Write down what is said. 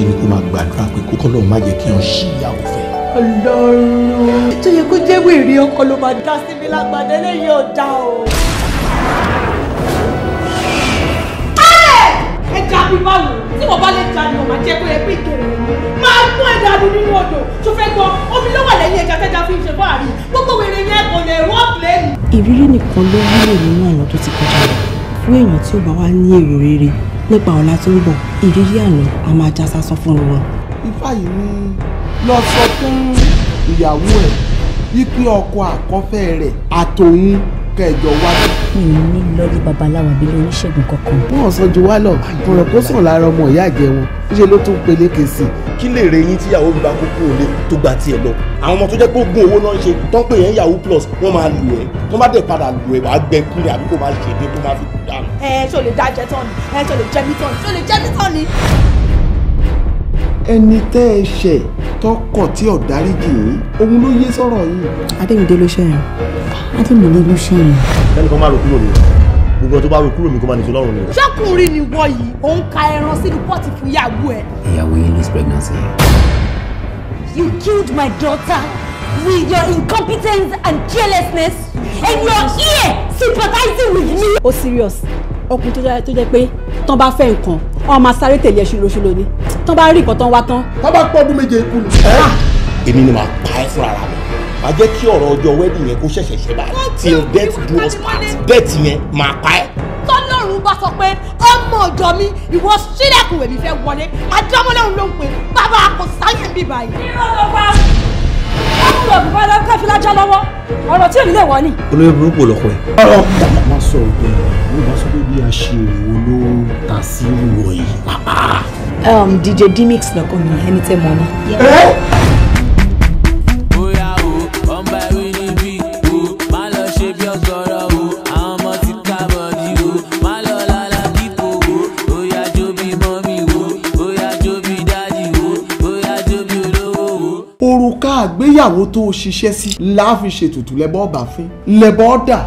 ṣe ni kó máa gbàdúrà pé kókó lòun má jẹ́ kí wọ́n ṣí ìyàwó fẹ́. ọlọ́run tó yẹ kó jẹ́ wèrè ọkọ ló máa dá sí mi lágbàdé lẹ́yìn ọ̀dà o. ẹja bí báwo tí mo bá lè ja ni mo máa jẹ́ pé ẹ pé ìtòrò máa gún ẹja mi nínú odò tó fẹ́ gbọ́ omi ló wà lẹ́yìn ẹja tẹ́ja fi ń ṣe fáàrí gbogbo wèrè yẹn kò lè rọ́ọ̀pẹ́ ìrírí nìkan ló wúlò nínú àná tó ti kọjá lọ fún èèyàn tí ó bá wá ní èrò rere nípa ọ̀la tó ń bọ̀ ìrírí àná a máa já sásán fún wọn. ifá yìí ni lọ sọ fún ìyàwó ẹ̀ wípé ọkọ àkọ́fẹ́ rẹ̀ àtòun kẹjọ wá. mi ò ní lọ́rí babaláwo àbí oníṣègùn kankan. wọn sọ ju wá lọ ọ̀rọ̀ kó sàn lára ọmọ ìyá àjẹ wọn níṣẹ́ ló tún pelékè sí i kí lè re yín tíyàwó mi bá kúkú òle tó gba tiẹ̀ lọ àwọn ọmọ tó jẹ́ pé ogún owó náà ń ṣe tó ń pè yẹn yahoo plus wọ́n máa lù ẹ́ tó má dẹ̀ padà lù ẹ́ wàá gbẹ kúlẹ̀ àbí kò máa ṣe dé tó máa fi dànù. ẹ ṣó lè dá jẹ tán ni ẹ ṣó lè jẹ mí tán ni ṣó lè jẹ mí tán ni. ẹni tẹ́ ẹ ṣẹ̀ tọkọ̀ tí ò yìí òun ló yé sọ̀rọ̀ yìí. adéyìndé ló ló ṣẹ̀yìn. ẹnì kan má rò kúrò nìyẹn gbogbo tó bá rò kúrò mi kó má ní sọlọ́run ni. ṣọkùnrin ni wọ yìí òun ka ẹran sínú pọ́ọ̀tì fún ìyàwó ẹ. ìyàwó yìí lose pregnancy. You killed my daughter with your incompetence and carelessness and your ear sympathizing with me. o serious ọkùnrin tó jẹ́ tó jẹ́ pé tán bá fẹ́ nǹkan ọmọ sáré tẹ̀lé ẹṣin lóṣooṣo ni tán bá rí nǹkan tán wá tán. tán bá pọ́ọ̀dún méje ikú ni. Ah! èmi ni màá pa ẹ́ fúnra mi máa jẹ́ kí ọ̀rọ̀ ọjọ́ wedding yẹn kó ṣẹ̀ṣẹ̀ ṣe báyìí till death do us part death yẹn máa pa ẹ́. tọ́lọ́run bá sọ pé ọmọ ọ̀dọ́ mi ìwọ sílẹ̀kùn èmi fẹ́ wọlé àdọ́mọ́lọ́run ló ń pè bàbá kò sáyẹ̀ ń bíbá yìí. irọ́ ló bá ọ̀rọ̀ bùbá lọ ká filájá lọ́wọ́ ọ̀rọ̀ tí èmi lè wọ ni. olóyè burúkú lọkọ ẹ. ọ̀rọ̀ má sọ òde mo bá sọ pé bí a ṣe èrò ló ta sí ìwọ yìí. Um, DJ Dimix lọkọ mi ẹni tẹ mọ ni. ìgbéyàwó tó o ṣiṣẹ́ sí láàfin ṣètùtù lẹ́bọ̀ ọ̀bà fín lẹ́bọ̀ ọ̀dà.